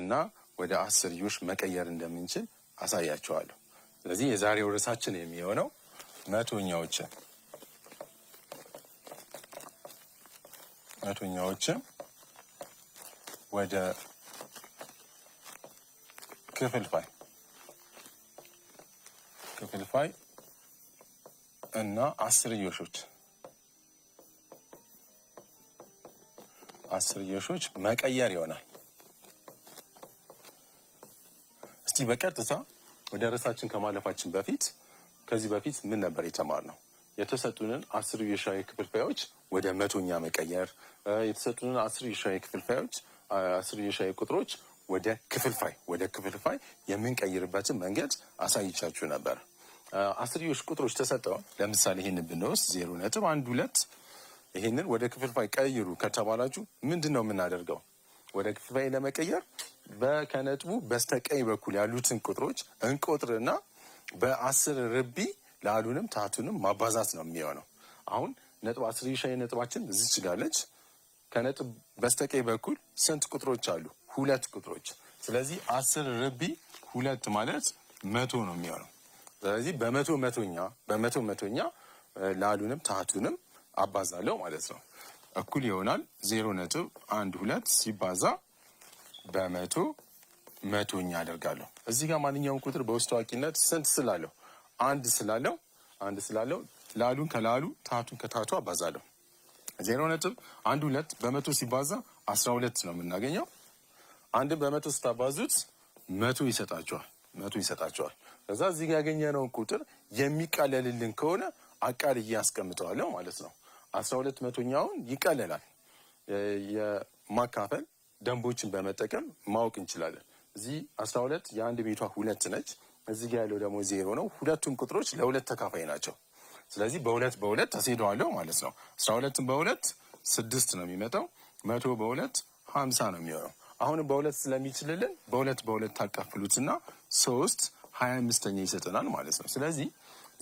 እና ወደ አስርዮሽ መቀየር እንደምንችል አሳያችኋለሁ። ስለዚህ የዛሬው ርዕሳችን የሚሆነው መቶኛዎችን መቶኛዎችን ወደ ክፍልፋይ ክፍልፋይ እና አስርዮሾች አስርዮሾች መቀየር ይሆናል። እስኪ በቀጥታ ወደ ርዕሳችን ከማለፋችን በፊት ከዚህ በፊት ምን ነበር የተማርነው? የተሰጡንን አስር የሻይ ክፍልፋዮች ወደ መቶኛ መቀየር፣ የተሰጡንን አስር የሻይ ክፍልፋዮች አስር የሻይ ቁጥሮች ወደ ክፍልፋይ ወደ ክፍልፋይ የምንቀይርበትን መንገድ አሳይቻችሁ ነበር። አስርዮሽ ቁጥሮች ተሰጠው። ለምሳሌ ይህንን ብንወስድ ዜሮ ነጥብ አንድ ሁለት ይሄንን ወደ ክፍልፋይ ቀይሩ ከተባላችሁ ምንድን ነው የምናደርገው? ወደ ክፍልፋይ ለመቀየር በከነጥቡ በስተቀኝ በኩል ያሉትን ቁጥሮች እንቆጥርና በአስር ርቢ ላሉንም ታቱንም ማባዛት ነው የሚሆነው። አሁን ነጥብ አስር ሻይ ነጥባችን እዚህ ችጋለች ከነጥብ በስተቀኝ በኩል ስንት ቁጥሮች አሉ? ሁለት ቁጥሮች። ስለዚህ አስር ርቢ ሁለት ማለት መቶ ነው የሚሆነው። ስለዚህ በመቶ መቶኛ በመቶ መቶኛ ላሉንም ታቱንም አባዛለሁ ማለት ነው። እኩል ይሆናል ዜሮ ነጥብ አንድ ሁለት ሲባዛ በመቶ መቶኛ አደርጋለሁ። እዚህ ጋር ማንኛውም ቁጥር በውስጥ አዋቂነት ስንት ስላለው አንድ ስላለው አንድ ስላለው ላሉን ከላሉ ታቱን ከታቱ አባዛለሁ። ዜሮ ነጥብ አንድ ሁለት በመቶ ሲባዛ አስራ ሁለት ነው የምናገኘው። አንድን በመቶ ስታባዙት መቶ ይሰጣቸዋል። መቶ ይሰጣቸዋል። ከዛ እዚህ ጋር ያገኘነውን ቁጥር የሚቀለልልን ከሆነ አቃልዬ አስቀምጠዋለሁ ማለት ነው። አስራ ሁለት መቶኛውን ይቀለላል የማካፈል ደንቦችን በመጠቀም ማወቅ እንችላለን። እዚህ ሁለት የአንድ ቤቷ ሁለት ነች። እዚህ ጋ ያለው ደግሞ ዜሮ ነው። ሁለቱም ቁጥሮች ለሁለት ተካፋይ ናቸው። ስለዚህ በሁለት በሁለት ተሴደዋለሁ ማለት ነው። 12ን በሁለት ስድስት ነው የሚመጣው። መቶ በሁለት ሀምሳ ነው የሚሆነው። አሁንም በሁለት ስለሚችልልን በሁለት በሁለት ታካፍሉትና ሶስት ሀያ አምስተኛ ይሰጠናል ማለት ነው። ስለዚህ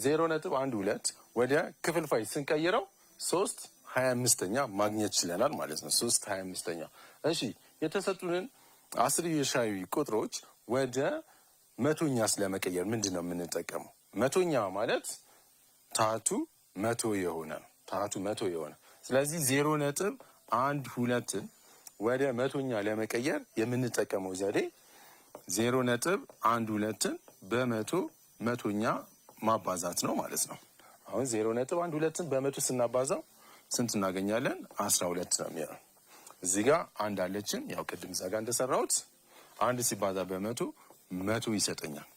ዜሮ ነጥብ አንድ ሁለት ወደ ክፍልፋይ ስንቀይረው ሶስት ሀያ አምስተኛ ማግኘት ችለናል ማለት ነው። ሶስት ሀያ አምስተኛ እሺ የተሰጡንን አስር ቁጥሮች ወደ መቶኛ ስለመቀየር ምንድን ነው የምንጠቀመው? መቶኛ ማለት ታቱ መቶ የሆነ ታቱ መቶ የሆነ ስለዚህ ዜሮ ነጥብ አንድ ሁለትን ወደ መቶኛ ለመቀየር የምንጠቀመው ዘዴ ዜሮ ነጥብ አንድ ሁለትን በመቶ መቶኛ ማባዛት ነው ማለት ነው። አሁን ዜሮ ነጥብ አንድ ሁለትን በመቶ ስናባዛው ስንት እናገኛለን? አስራ ሁለት ነው የሚሆነው። እዚህ ጋር አንድ አለችን። ያው ቅድም እዛ ጋር እንደሰራሁት አንድ ሲባዛ በመቶ መቶ ይሰጠኛል።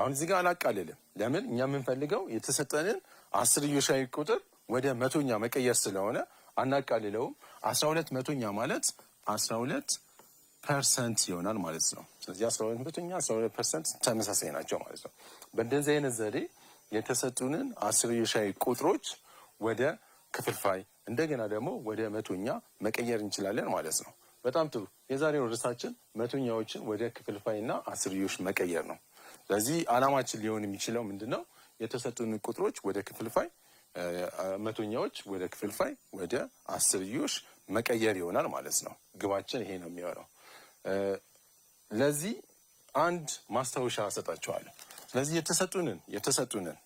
አሁን እዚህ ጋር አላቃልልም። ለምን እኛ የምንፈልገው የተሰጠንን አስር አስርዮሻዊ ቁጥር ወደ መቶኛ መቀየር ስለሆነ አናቃልለውም። አስራ ሁለት መቶኛ ማለት አስራ ሁለት ፐርሰንት ይሆናል ማለት ነው። ስለዚህ አስራ ሁለት መቶኛ አስራ ሁለት ፐርሰንት ተመሳሳይ ናቸው ማለት ነው። በእንደዚህ አይነት ዘዴ የተሰጡንን አስርዮሻዊ ቁጥሮች ወደ ክፍልፋይ እንደገና ደግሞ ወደ መቶኛ መቀየር እንችላለን ማለት ነው። በጣም ጥሩ። የዛሬው ርዕሳችን መቶኛዎችን ወደ ክፍልፋይ እና አስርዮሽ መቀየር ነው። ስለዚህ አላማችን ሊሆን የሚችለው ምንድን ነው? የተሰጡን ቁጥሮች ወደ ክፍልፋይ፣ መቶኛዎች ወደ ክፍልፋይ፣ ወደ አስርዮሽ መቀየር ይሆናል ማለት ነው። ግባችን ይሄ ነው የሚሆነው። ለዚህ አንድ ማስታወሻ እሰጣችኋለሁ። ስለዚህ የተሰጡንን የተሰጡንን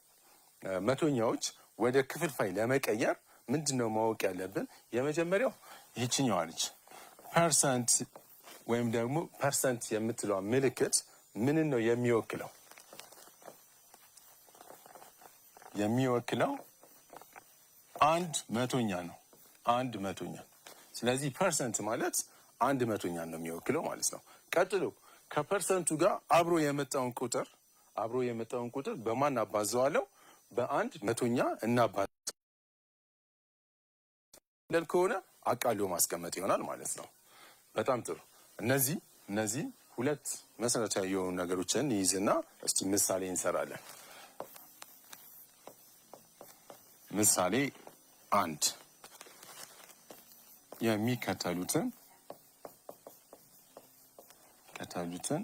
መቶኛዎች ወደ ክፍልፋይ ለመቀየር ምንድን ነው ማወቅ ያለብን? የመጀመሪያው ይችኛዋ ነች። ፐርሰንት ወይም ደግሞ ፐርሰንት የምትለዋ ምልክት ምንን ነው የሚወክለው? የሚወክለው አንድ መቶኛ ነው። አንድ መቶኛ። ስለዚህ ፐርሰንት ማለት አንድ መቶኛ ነው የሚወክለው ማለት ነው። ቀጥሎ ከፐርሰንቱ ጋር አብሮ የመጣውን ቁጥር አብሮ የመጣውን ቁጥር በማን አባዘዋለው? በአንድ መቶኛ እናባዘ እንደል ከሆነ አቃሎ ማስቀመጥ ይሆናል ማለት ነው። በጣም ጥሩ። እነዚህ እነዚህ ሁለት መሰረታዊ የሆኑ ነገሮችን ይይዝና እስቲ ምሳሌ እንሰራለን። ምሳሌ አንድ የሚከተሉትን ከተሉትን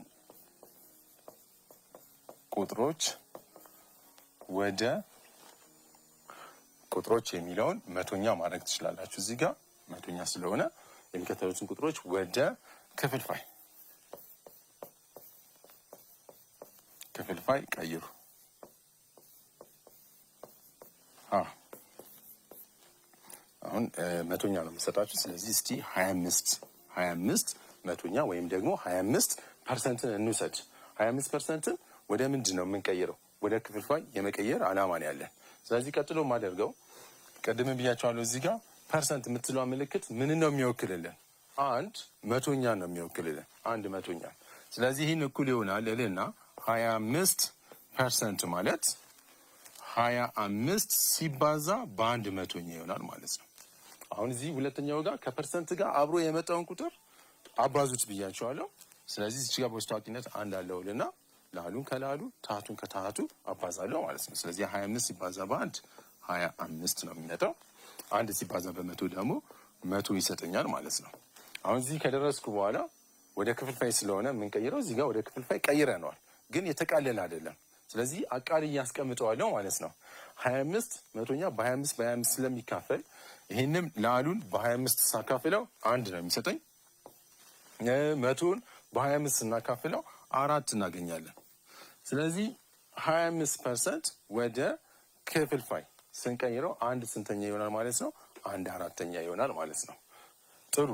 ቁጥሮች ወደ ቁጥሮች የሚለውን መቶኛ ማድረግ ትችላላችሁ። እዚህ ጋር መቶኛ ስለሆነ የሚከተሉትን ቁጥሮች ወደ ክፍልፋይ ክፍልፋይ ቀይሩ። አሁን መቶኛ ነው የምሰጣችሁ። ስለዚህ እስቲ 25 25 መቶኛ ወይም ደግሞ 25 ፐርሰንትን እንውሰድ። 25 ፐርሰንትን ወደ ምንድን ነው የምንቀይረው? ወደ ክፍልፋይ የመቀየር አላማ ነው ያለን። ስለዚህ ቀጥሎ የማደርገው ቅድም ብያቸዋለሁ። እዚህ ጋር ፐርሰንት የምትለዋ ምልክት ምን ነው የሚወክልልን? አንድ መቶኛ ነው የሚወክልልን፣ አንድ መቶኛ። ስለዚህ ይህን እኩል ይሆናል እልና ሀያ አምስት ፐርሰንት ማለት ሀያ አምስት ሲባዛ በአንድ መቶኛ ይሆናል ማለት ነው። አሁን እዚህ ሁለተኛው ጋር ከፐርሰንት ጋር አብሮ የመጣውን ቁጥር አባዙት ብያቸዋለሁ። ስለዚህ እዚች ጋር በውስታዋቂነት አንድ አለውልና ላሉን ከላሉ ታቱን ከታቱ አባዛለሁ ማለት ነው። ስለዚህ ሀያ አምስት ሲባዛ በአንድ ሀያ አምስት ነው የሚመጣው። አንድ ሲባዛ በመቶ ደግሞ መቶ ይሰጠኛል ማለት ነው። አሁን እዚህ ከደረስኩ በኋላ ወደ ክፍልፋይ ስለሆነ የምንቀይረው እዚህ ጋር ወደ ክፍልፋይ ቀይረነዋል፣ ግን የተቃለለ አይደለም። ስለዚህ አቃል እያስቀምጠዋለው ማለት ነው። ሀያ አምስት መቶኛ በሀያ አምስት በሀያ አምስት ስለሚካፈል ይህንም ላሉን በሀያ አምስት ሳካፍለው አንድ ነው የሚሰጠኝ። መቶን በሀያ አምስት ስናካፍለው አራት እናገኛለን። ስለዚህ ሀያ አምስት ፐርሰንት ወደ ክፍልፋይ ስንቀይረው አንድ ስንተኛ ይሆናል ማለት ነው? አንድ አራተኛ ይሆናል ማለት ነው። ጥሩ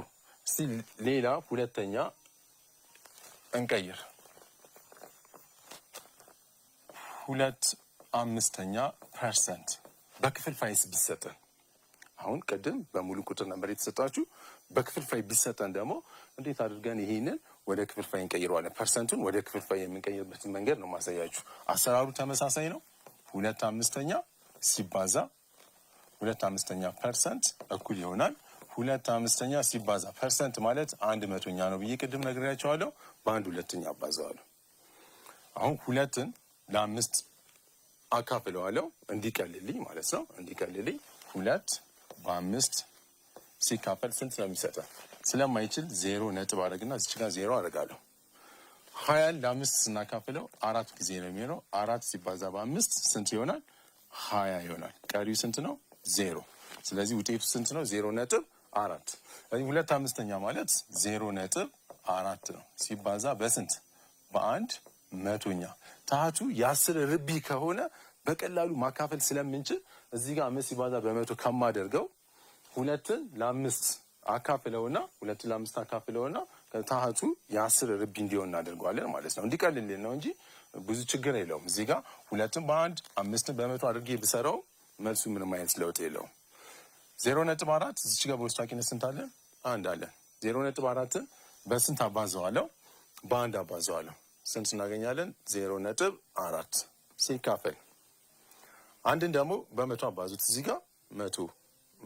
እስቲ ሌላ ሁለተኛ እንቀይር። ሁለት አምስተኛ ፐርሰንት በክፍልፋይስ ቢሰጠን አሁን ቅድም በሙሉ ቁጥር ነበር የተሰጣችሁ። በክፍልፋይ ቢሰጠን ደግሞ እንዴት አድርገን ይሄንን ወደ ክፍልፋይ እንቀይረዋለን? ፐርሰንቱን ወደ ክፍልፋይ የምንቀይርበትን መንገድ ነው ማሳያችሁ። አሰራሩ ተመሳሳይ ነው። ሁለት አምስተኛ ሲባዛ ሁለት አምስተኛ ፐርሰንት እኩል ይሆናል ሁለት አምስተኛ ሲባዛ ፐርሰንት ማለት አንድ መቶኛ ነው ብዬ ቅድም ነግሬያቸዋለሁ። በአንድ ሁለተኛ አባዛዋለሁ። አሁን ሁለትን ለአምስት አካፍለዋለሁ እንዲቀልልኝ ማለት ነው። እንዲቀልልኝ ሁለት በአምስት ሲካፈል ስንት ነው የሚሰጠን? ስለማይችል ዜሮ ነጥብ አድረግና እዚች ጋር ዜሮ አደርጋለሁ። ሀያን ለአምስት ስናካፍለው አራት ጊዜ ነው የሚሆነው። አራት ሲባዛ በአምስት ስንት ይሆናል? ሀያ ይሆናል። ቀሪው ስንት ነው? ዜሮ። ስለዚህ ውጤቱ ስንት ነው? ዜሮ ነጥብ አራት። ስለዚህ ሁለት አምስተኛ ማለት ዜሮ ነጥብ አራት ነው ሲባዛ በስንት በአንድ መቶኛ። ታህቱ የአስር ርቢ ከሆነ በቀላሉ ማካፈል ስለምንችል እዚህ ጋር አምስት ሲባዛ በመቶ ከማደርገው ሁለትን ለአምስት አካፍለውና ሁለትን ለአምስት አካፍለውና ታህቱ የአስር ርቢ እንዲሆን እናደርገዋለን ማለት ነው። እንዲቀልልን ነው እንጂ ብዙ ችግር የለውም። እዚህ ጋ ሁለትም በአንድ አምስትን በመቶ አድርጌ ብሰራው መልሱ ምንም አይነት ለውጥ የለውም። ዜሮ ነጥብ አራት እዚች ጋር በውስጣቂነት ስንት አለን? አንድ አለን። ዜሮ ነጥብ አራትን በስንት አባዘዋለው በአንድ አባዘዋለው። ስንት እናገኛለን? ዜሮ ነጥብ አራት ሲካፈል አንድን ደግሞ በመቶ አባዙት እዚህ ጋ መቶ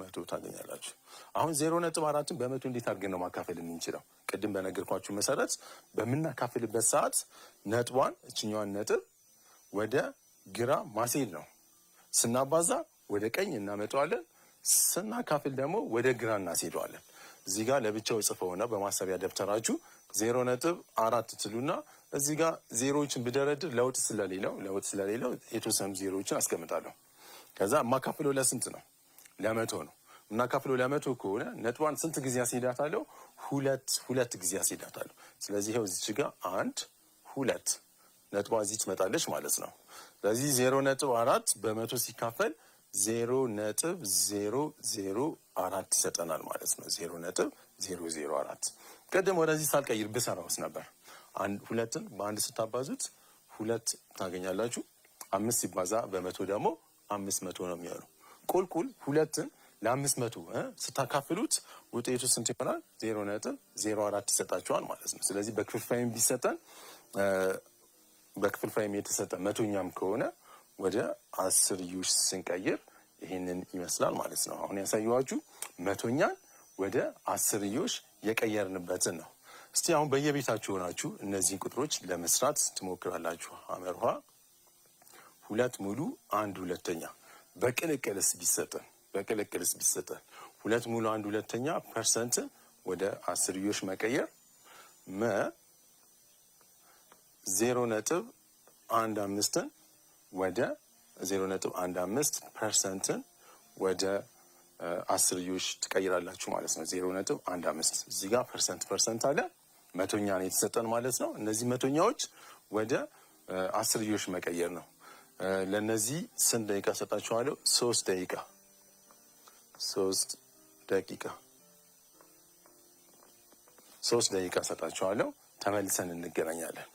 መቶ ታገኛላችሁ። አሁን ዜሮ ነጥብ አራትን በመቶ እንዴት አድርገን ነው ማካፈል የምንችለው? ቅድም በነገርኳችሁ መሰረት በምናካፍልበት ሰዓት ነጥቧን እችኛዋን ነጥብ ወደ ግራ ማስሄድ ነው። ስናባዛ ወደ ቀኝ እናመጣዋለን። ስናካፍል ደግሞ ወደ ግራ እናስሄደዋለን። እዚህ ጋር ለብቻው ጽፈውና በማሰቢያ ደብተራችሁ ዜሮ ነጥብ አራት ትሉና እዚህ ጋር ዜሮዎችን ብደረድር ለውጥ ስለሌለው ለውጥ ስለሌለው የተወሰኑ ዜሮዎችን አስቀምጣለሁ። ከዛ የማካፍለው ለስንት ነው? ለመቶ ነው እና ካፍሎ ለመቶ ከሆነ ነጥቧን ስንት ጊዜ አስሄዳታለሁ? ሁለት ሁለት ጊዜ አስሄዳታለሁ። ስለዚህ ይኸው እዚች ጋር አንድ ሁለት ነጥቧ እዚህ ትመጣለች ማለት ነው። ስለዚህ ዜሮ ነጥብ አራት በመቶ ሲካፈል ዜሮ ነጥብ ዜሮ ዜሮ አራት ይሰጠናል ማለት ነው። ዜሮ ነጥብ ዜሮ ዜሮ አራት ቀደም ወደዚህ ሳልቀይር ብሰራውስ ነበር። ሁለትን በአንድ ስታባዙት ሁለት ታገኛላችሁ። አምስት ሲባዛ በመቶ ደግሞ አምስት መቶ ነው የሚሆነው። ቁልቁል ሁለትን ለአምስት መቶ ስታካፍሉት ውጤቱ ስንት ይሆናል? ዜሮ ነጥብ ዜሮ አራት ይሰጣቸዋል ማለት ነው። ስለዚህ በክፍልፋይም ቢሰጠን በክፍልፋይም የተሰጠ መቶኛም ከሆነ ወደ አስር ዩሽ ስንቀይር ይህንን ይመስላል ማለት ነው። አሁን ያሳየኋችሁ መቶኛን ወደ አስር ዩሽ የቀየርንበትን ነው። እስቲ አሁን በየቤታችሁ ሆናችሁ እነዚህን ቁጥሮች ለመስራት ትሞክራላችሁ። አመርኋ ሁለት ሙሉ አንድ ሁለተኛ በቅልቅልስ ቢሰጠን በቅልቅልስ ቢሰጠን ሁለት ሙሉ አንድ ሁለተኛ ፐርሰንት ወደ አስርዮሽ መቀየር መ ዜሮ ነጥብ አንድ አምስትን ወደ ዜሮ ነጥብ አንድ አምስት ፐርሰንትን ወደ አስርዮሽ ትቀይራላችሁ ማለት ነው። ዜሮ ነጥብ አንድ አምስት እዚህ ጋር ፐርሰንት ፐርሰንት አለ መቶኛ ነው የተሰጠን ማለት ነው። እነዚህ መቶኛዎች ወደ አስርዮሽ መቀየር ነው። ለነዚህ ስንት ደቂቃ ሰጣችኋለሁ? ሶስት ደቂቃ ሶስት ደቂቃ ሶስት ደቂቃ ሰጣችኋለሁ። ተመልሰን እንገናኛለን።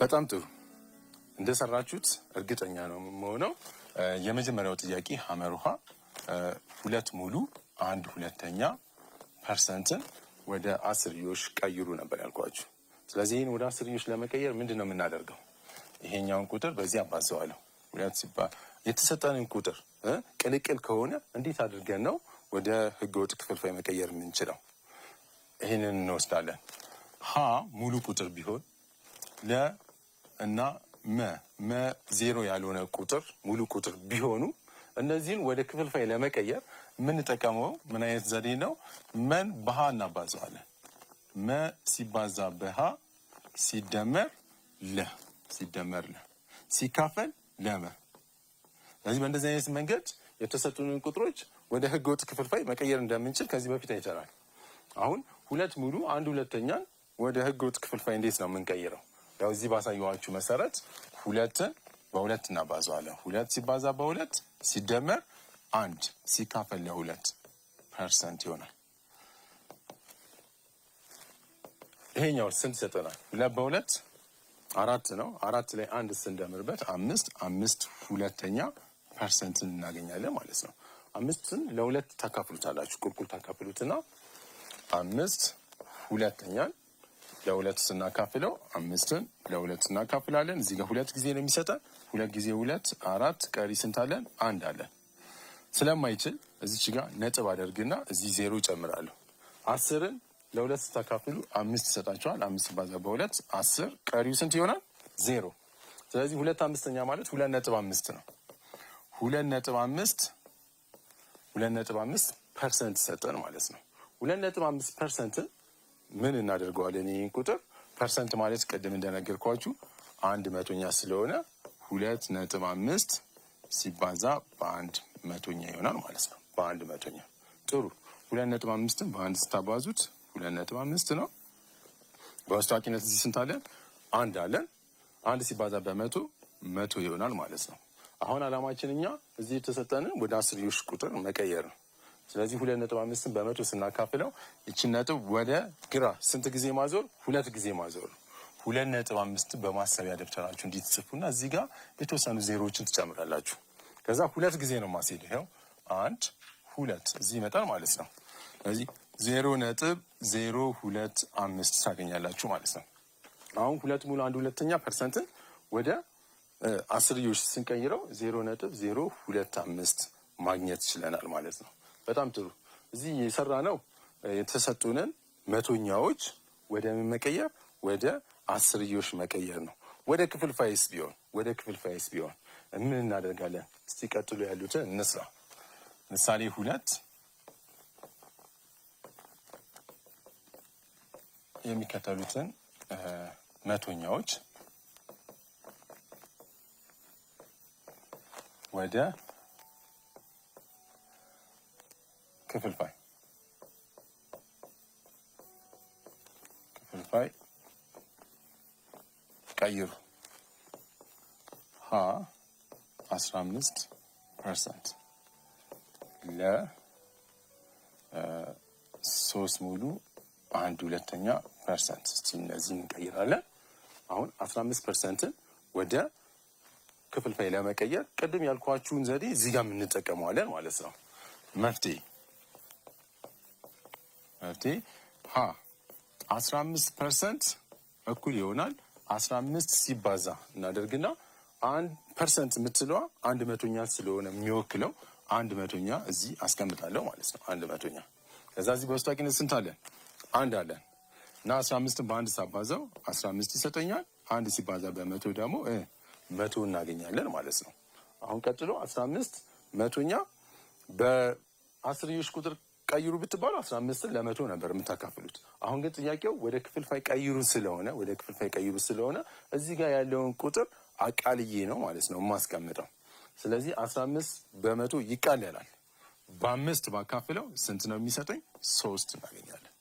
በጣም ጥሩ እንደሰራችሁት እርግጠኛ ነው የምሆነው። የመጀመሪያው ጥያቄ ሀመር ውሃ ሁለት ሙሉ አንድ ሁለተኛ ፐርሰንትን ወደ አስርዮሽ ቀይሩ ነበር ያልኳችሁ። ስለዚህ ይህን ወደ አስርዮሽ ለመቀየር ምንድን ነው የምናደርገው? ይሄኛውን ቁጥር በዚህ አባዘዋለሁ። ሁለት ሲባል የተሰጠንን ቁጥር ቅልቅል ከሆነ እንዴት አድርገን ነው ወደ ህገወጥ ክፍልፋይ መቀየር የምንችለው? ይህንን እንወስዳለን። ሀ ሙሉ ቁጥር ቢሆን ለ እና መ መ ዜሮ ያልሆነ ቁጥር ሙሉ ቁጥር ቢሆኑ እነዚህን ወደ ክፍልፋይ ለመቀየር የምንጠቀመው ምን አይነት ዘዴ ነው? መን በሃ እናባዘዋለን? መ ሲባዛ በሃ ሲደመር ለ ሲደመር ለ ሲካፈል ለመ። ስለዚህ በእንደዚህ አይነት መንገድ የተሰጡንን ቁጥሮች ወደ ህገ ወጥ ክፍልፋይ መቀየር እንደምንችል ከዚህ በፊት አይተናል። አሁን ሁለት ሙሉ አንድ ሁለተኛን ወደ ህገ ወጥ ክፍልፋይ እንዴት ነው የምንቀይረው? ያው እዚህ ባሳየኋችሁ መሰረት ሁለትን በሁለት እናባዛዋለን። ሁለት ሲባዛ በሁለት ሲደመር አንድ ሲካፈል ለሁለት ፐርሰንት ይሆናል። ይሄኛው ስንት ይሰጠናል? ሁለት በሁለት አራት ነው። አራት ላይ አንድ ስንደምርበት አምስት አምስት ሁለተኛ ፐርሰንትን እናገኛለን ማለት ነው። አምስትን ለሁለት ተካፍሉታላችሁ። ቁልቁል ተካፍሉትና አምስት ሁለተኛን ለሁለት ስናካፍለው አምስትን ለሁለት ስናካፍላለን። እዚህ ጋር ሁለት ጊዜ ነው የሚሰጠን። ሁለት ጊዜ ሁለት አራት፣ ቀሪ ስንት አለን? አንድ አለን። ስለማይችል እዚች ጋር ነጥብ አደርግና እዚህ ዜሮ ጨምራለሁ። አስርን ለሁለት ስታካፍሉ አምስት ይሰጣቸዋል። አምስት ባዛ በሁለት አስር፣ ቀሪው ስንት ይሆናል? ዜሮ። ስለዚህ ሁለት አምስተኛ ማለት ሁለት ነጥብ አምስት ነው። ሁለት ነጥብ አምስት ሁለት ነጥብ አምስት ፐርሰንት ይሰጠን ማለት ነው። ሁለት ነጥብ አምስት ፐርሰንትን ምን እናደርገዋለን? ይህን ቁጥር ፐርሰንት ማለት ቅድም እንደነገርኳችሁ አንድ መቶኛ ስለሆነ ሁለት ነጥብ አምስት ሲባዛ በአንድ መቶኛ ይሆናል ማለት ነው። በአንድ መቶኛ ጥሩ። ሁለት ነጥብ አምስትን በአንድ ስታባዙት ሁለት ነጥብ አምስት ነው። በውስጣቂነት እዚህ ስንት አለን? አንድ አለን። አንድ ሲባዛ በመቶ መቶ ይሆናል ማለት ነው። አሁን አላማችን እኛ እዚህ የተሰጠንን ወደ አስርዮሽ ቁጥር መቀየር ነው። ስለዚህ ሁለት ነጥብ አምስትን በመቶ ስናካፍለው ይችን ነጥብ ወደ ግራ ስንት ጊዜ ማዞር? ሁለት ጊዜ ማዞር ሁለት ነጥብ አምስት በማሰቢያ ደብተራችሁ እንዲትጽፉና እዚህ ጋር የተወሰኑ ዜሮዎችን ትጨምራላችሁ። ከዛ ሁለት ጊዜ ነው ማስሄድ። ይኸው አንድ ሁለት እዚህ ይመጣል ማለት ነው። ስለዚህ ዜሮ ነጥብ ዜሮ ሁለት አምስት ታገኛላችሁ ማለት ነው። አሁን ሁለት ሙሉ አንድ ሁለተኛ ፐርሰንትን ወደ አስርዮሽ ስንቀይረው ዜሮ ነጥብ ዜሮ ሁለት አምስት ማግኘት ችለናል ማለት ነው። በጣም ጥሩ። እዚህ የሰራ ነው የተሰጡንን መቶኛዎች ወደ ምን መቀየር ወደ አስርዮሽ መቀየር ነው። ወደ ክፍል ፋይስ ቢሆን ወደ ክፍል ፋይስ ቢሆን ምን እናደርጋለን? እስቲ ቀጥሎ ያሉትን እንስራ። ምሳሌ ሁለት የሚከተሉትን መቶኛዎች ወደ ክፍልፋይ ክፍልፋይ ቀይሩ ሀ አስራ አምስት ፐርሰንት ለ ሶስት ሙሉ አንድ ሁለተኛ ፐርሰንት። እስቲ እነዚህ እንቀይራለን። አሁን አስራ አምስት ፐርሰንትን ወደ ክፍልፋይ ለመቀየር ቅድም ያልኳችሁን ዘዴ እዚህ ጋር የምንጠቀመዋለን ማለት ነው መፍትሄ መፍትሄ ሀ አምስት ፐርሰንት እኩል ይሆናል አስራ አምስት ሲባዛ እናደርግና አንድ ፐርሰንት የምትለዋ አንድ መቶኛ ስለሆነ የሚወክለው አንድ መቶኛ እዚህ አስቀምጣለሁ ማለት ነው። አንድ መቶኛ ከዛ እዚህ በውስጣቂነት ስንት አለን? አንድ አለን እና 15ን በአንድ ሳባዛው 15 ይሰጠኛል። አንድ ሲባዛ በመቶ ደግሞ መቶ እናገኛለን ማለት ነው። አሁን ቀጥሎ 15 መቶኛ በአስርዮሽ ቁጥር ቀይሩ ብትባሉ አስራ አምስትን ለመቶ ነበር የምታካፍሉት። አሁን ግን ጥያቄው ወደ ክፍልፋይ ቀይሩ ስለሆነ ወደ ክፍልፋይ ቀይሩ ስለሆነ እዚህ ጋር ያለውን ቁጥር አቃልዬ ነው ማለት ነው የማስቀምጠው። ስለዚህ አስራ አምስት በመቶ ይቃለላል። በአምስት ባካፍለው ስንት ነው የሚሰጠኝ? ሶስት እናገኛለን።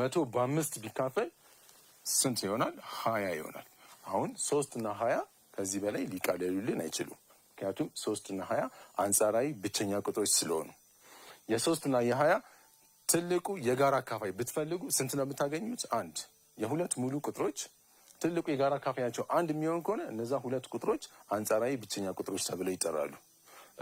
መቶ በአምስት ቢካፈል ስንት ይሆናል? ሀያ ይሆናል። አሁን ሶስትና ሀያ ከዚህ በላይ ሊቃለሉልን አይችሉም። ምክንያቱም ሶስት እና ሀያ አንጻራዊ ብቸኛ ቁጥሮች ስለሆኑ የሶስትና የሀያ ትልቁ የጋራ አካፋይ ብትፈልጉ ስንት ነው የምታገኙት? አንድ። የሁለት ሙሉ ቁጥሮች ትልቁ የጋራ አካፋያቸው አንድ የሚሆን ከሆነ እነዛ ሁለት ቁጥሮች አንጻራዊ ብቸኛ ቁጥሮች ተብለው ይጠራሉ።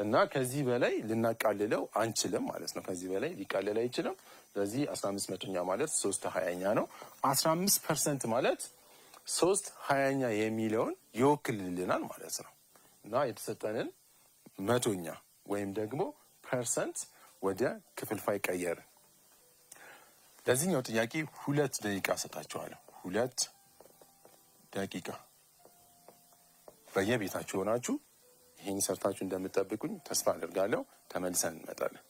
እና ከዚህ በላይ ልናቃልለው አንችልም ማለት ነው። ከዚህ በላይ ሊቃልል አይችልም። ስለዚህ አስራ አምስት መቶኛ ማለት ሶስት ሀያኛ ነው። አስራ አምስት ፐርሰንት ማለት ሶስት ሀያኛ የሚለውን ይወክልልናል ማለት ነው። እና የተሰጠንን መቶኛ ወይም ደግሞ ፐርሰንት ወደ ክፍልፋይ ቀየር ለዚህኛው ጥያቄ ሁለት ደቂቃ ሰጣችኋለሁ። ሁለት ደቂቃ በየቤታችሁ ሆናችሁ ይህን ሰርታችሁ እንደምጠብቁኝ ተስፋ አድርጋለሁ። ተመልሰን እንመጣለን።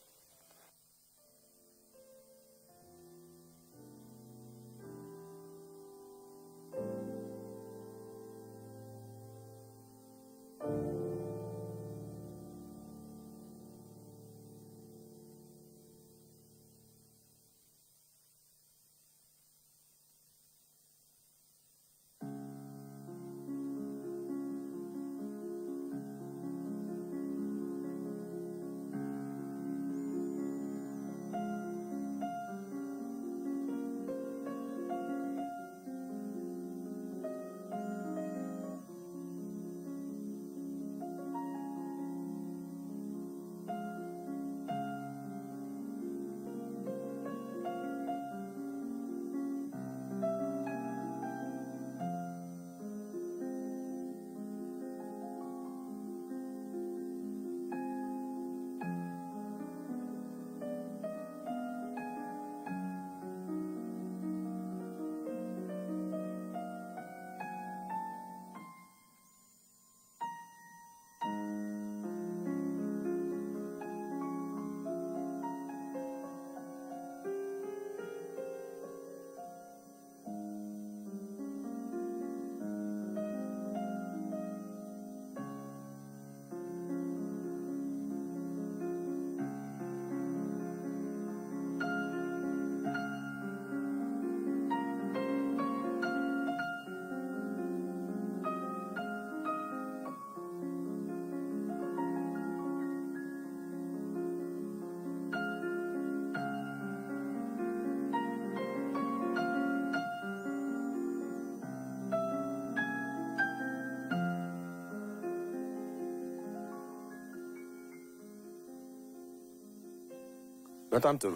በጣም ጥሩ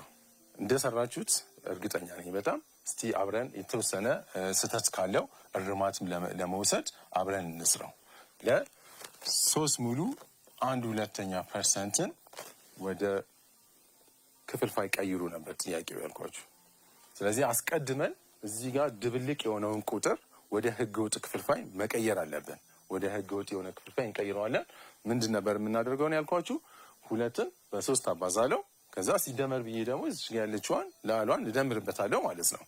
እንደሰራችሁት እርግጠኛ ነኝ። በጣም እስቲ አብረን የተወሰነ ስህተት ካለው እርማትም ለመውሰድ አብረን እንስራው። ለሶስት ሙሉ አንድ ሁለተኛ ፐርሰንትን ወደ ክፍልፋይ ቀይሩ ነበር ጥያቄው ያልኳችሁ። ስለዚህ አስቀድመን እዚህ ጋር ድብልቅ የሆነውን ቁጥር ወደ ህገ ወጥ ክፍልፋይ መቀየር አለብን። ወደ ህገ ወጥ የሆነ ክፍልፋይ እንቀይረዋለን። ምንድን ነበር የምናደርገውን ያልኳችሁ ሁለትን በሶስት አባዛለው ከዛ ሲደመር ብዬ ደግሞ እዚህ ያለችዋን ላሏን እደምርበታለሁ ማለት ነው።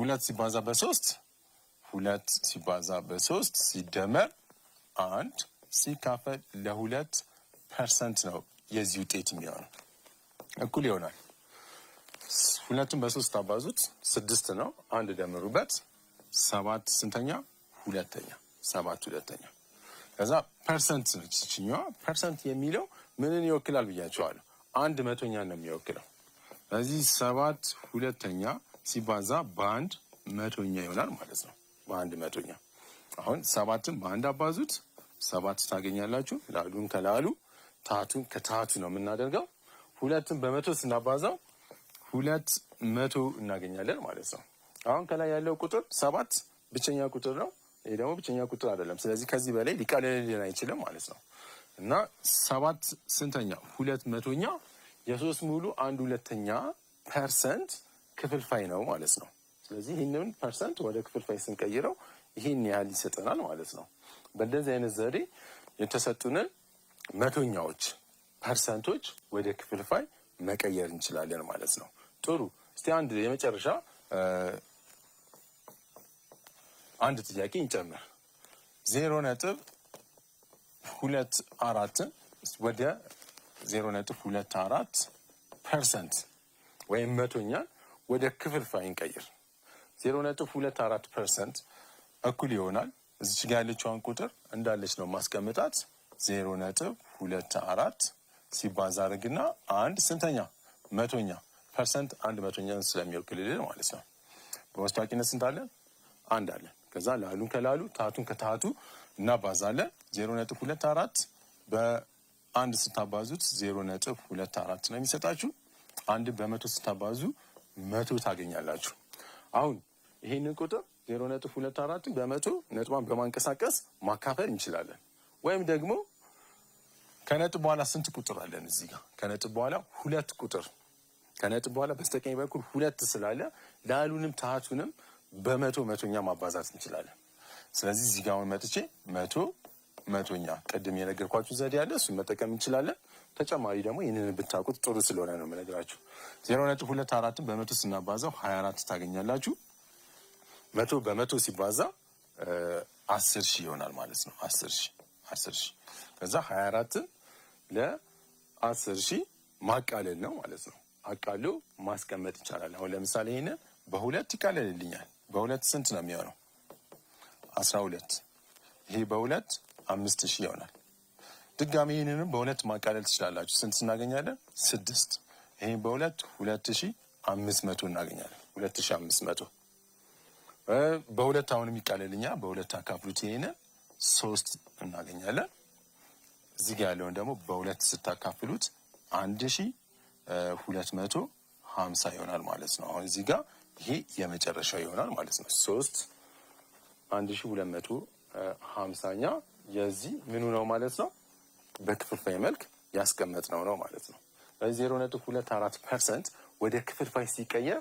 ሁለት ሲባዛ በሶስት ሁለት ሲባዛ በሶስት ሲደመር አንድ ሲካፈል ለሁለት ፐርሰንት ነው የዚህ ውጤት የሚሆነው እኩል ይሆናል። ሁለቱን በሶስት አባዙት ስድስት ነው። አንድ ደምሩበት ሰባት ስንተኛ ሁለተኛ ሰባት ሁለተኛ ከዛ ፐርሰንት ነች ችኛዋ ፐርሰንት የሚለው ምንን ይወክላል ብያቸዋለሁ። አንድ መቶኛ ነው የሚወክለው። ስለዚህ ሰባት ሁለተኛ ሲባዛ በአንድ መቶኛ ይሆናል ማለት ነው። በአንድ መቶኛ አሁን ሰባትን በአንድ አባዙት ሰባት ታገኛላችሁ። ላሉን ከላሉ ታቱን ከታቱ ነው የምናደርገው። ሁለትን በመቶ ስናባዛው ሁለት መቶ እናገኛለን ማለት ነው። አሁን ከላይ ያለው ቁጥር ሰባት ብቸኛ ቁጥር ነው። ይህ ደግሞ ብቸኛ ቁጥር አይደለም። ስለዚህ ከዚህ በላይ ሊቀለልልን አይችልም ማለት ነው። እና ሰባት ስንተኛ ሁለት መቶኛ የሶስት ሙሉ አንድ ሁለተኛ ፐርሰንት ክፍልፋይ ነው ማለት ነው። ስለዚህ ይህንን ፐርሰንት ወደ ክፍልፋይ ስንቀይረው ይህን ያህል ይሰጠናል ማለት ነው። በእንደዚህ አይነት ዘዴ የተሰጡንን መቶኛዎች ፐርሰንቶች ወደ ክፍልፋይ መቀየር እንችላለን ማለት ነው። ጥሩ። እስቲ አንድ የመጨረሻ አንድ ጥያቄ እንጨምር። ዜሮ ነጥብ ሁለት አራትን ወደ ዜሮ ነጥብ ሁለት አራት ፐርሰንት ወይም መቶኛን ወደ ክፍልፋይ እንቀይር። ዜሮ ነጥብ ሁለት አራት ፐርሰንት እኩል ይሆናል እዚች ጋ ያለችዋን ቁጥር እንዳለች ነው ማስቀምጣት። ዜሮ ነጥብ ሁለት አራት ሲባዛ አድርግና አንድ ስንተኛ መቶኛ ፐርሰንት አንድ መቶኛ ስለሚወክልልን ማለት ነው። በመስታወቂነት ስንት አለ አንድ አለን። ከዛ ላሉን ከላሉ ታቱን ከታቱ እናባዛለን። ዜሮ ነጥብ ሁለት አራት በአንድ ስታባዙት ዜሮ ነጥብ ሁለት አራት ነው የሚሰጣችሁ። አንድ በመቶ ስታባዙ መቶ ታገኛላችሁ። አሁን ይህንን ቁጥር ዜሮ ነጥብ ሁለት አራትን በመቶ ነጥቧን በማንቀሳቀስ ማካፈል እንችላለን። ወይም ደግሞ ከነጥብ በኋላ ስንት ቁጥር አለን? እዚህ ጋር ከነጥብ በኋላ ሁለት ቁጥር ከነጥብ በኋላ በስተቀኝ በኩል ሁለት ስላለ ላሉንም ታህቱንም በመቶ መቶኛ ማባዛት እንችላለን። ስለዚህ እዚህ ጋር አሁን መጥቼ መቶ መቶኛ ቅድም የነገርኳችሁ ዘዴ ያለ እሱን መጠቀም እንችላለን። ተጨማሪ ደግሞ ይህንን ብታውቁት ጥሩ ስለሆነ ነው የምነግራችሁ። ዜሮ ነጥብ ሁለት አራትን በመቶ ስናባዛው ሀያ አራት ታገኛላችሁ። መቶ በመቶ ሲባዛ አስር ሺህ ይሆናል ማለት ነው። አስር ሺህ አስር ሺህ ከዛ ሀያ አራትን ለአስር ሺህ ማቃለል ነው ማለት ነው። አቃሎ ማስቀመጥ ይቻላል። አሁን ለምሳሌ ይህንን በሁለት ይቃለልልኛል። በሁለት ስንት ነው የሚሆነው? አስራ ሁለት ይሄ በሁለት አምስት ሺህ ይሆናል። ድጋሚ ይህንንም በሁለት ማቃለል ትችላላችሁ። ስንት እናገኛለን? ስድስት ይህም በሁለት ሁለት ሺህ አምስት መቶ እናገኛለን። ሁለት ሺህ አምስት መቶ በሁለት አሁንም ይቃለልኛ በሁለት አካፍሉት ይህንን ሶስት እናገኛለን። እዚህ ጋ ያለውን ደግሞ በሁለት ስታካፍሉት አንድ ሺህ ሁለት መቶ ሀምሳ ይሆናል ማለት ነው። አሁን እዚህ ጋር ይሄ የመጨረሻው ይሆናል ማለት ነው። ሶስት አንድ ሺህ ሁለት መቶ ሀምሳኛ የዚህ ምኑ ነው ማለት ነው በክፍልፋይ መልክ ያስቀመጥ ነው ማለት ነው። በዚህ 0.24% ወደ ክፍልፋይ ሲቀየር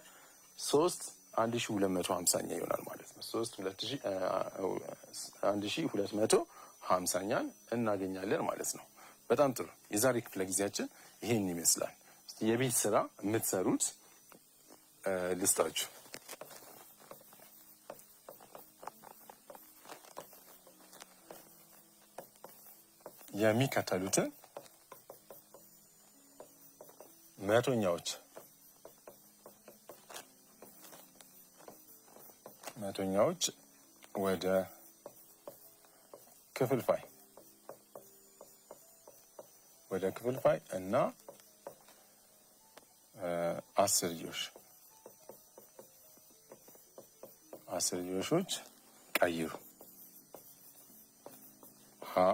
ሁለት መቶ ሀምሳኛ ይሆናል ማለት ነው። ሁለት መቶ ሀምሳኛን እናገኛለን ማለት ነው። በጣም ጥሩ። የዛሬ ክፍለ ጊዜያችን ይሄን ይመስላል። የቤት ስራ የምትሰሩት ልስታችሁ የሚከተሉትን መቶኛዎች መቶኛዎች ወደ ክፍልፋይ ወደ ክፍልፋይ እና አስርዮሽ አስርዮሾች ቀይሩ ሀ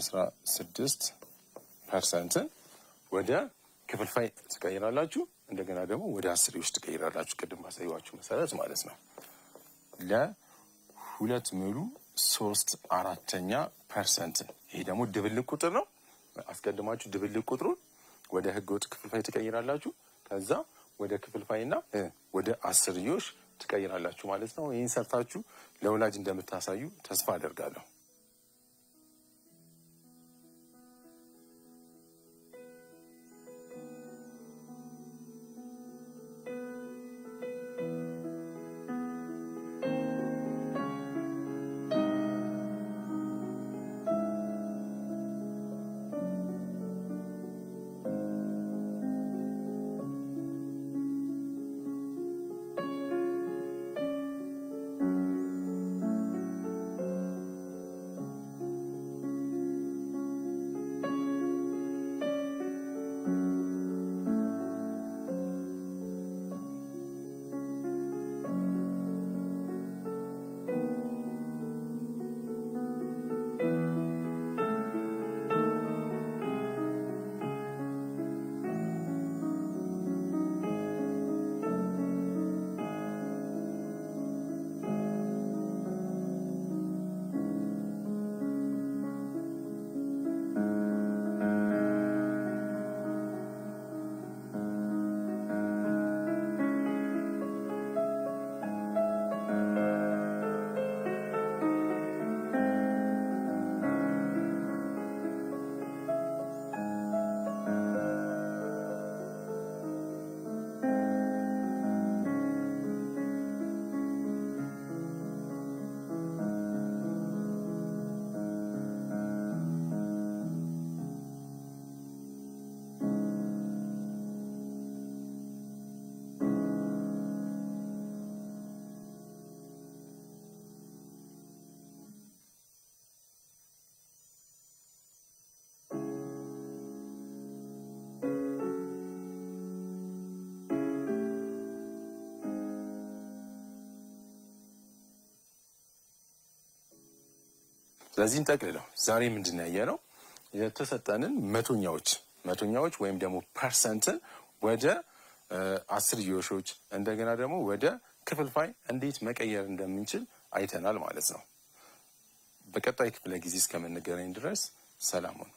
16 ፐርሰንትን ወደ ክፍልፋይ ትቀይራላችሁ። እንደገና ደግሞ ወደ አስሬዎች ትቀይራላችሁ። ቅድም ባሳየኋችሁ መሰረት ማለት ነው። ለሁለት ሙሉ ሶስት አራተኛ ፐርሰንትን ይሄ ደግሞ ድብልቅ ቁጥር ነው። አስቀድማችሁ ድብልቅ ቁጥሩን ወደ ህገወጥ ክፍልፋይ ትቀይራላችሁ። ከዛ ወደ ክፍልፋይና ወደ አስርዮሽ ትቀይራላችሁ ማለት ነው። ይህን ሰርታችሁ ለወላጅ እንደምታሳዩ ተስፋ አደርጋለሁ። ስለዚህ እንጠቅልለው። ዛሬ ምንድን ነው ያየነው? የተሰጠንን መቶኛዎች መቶኛዎች ወይም ደግሞ ፐርሰንትን ወደ አስር ዮሾች እንደገና ደግሞ ወደ ክፍልፋይ እንዴት መቀየር እንደምንችል አይተናል ማለት ነው። በቀጣይ ክፍለ ጊዜ እስከምንገናኝ ድረስ ሰላም ሁኑ።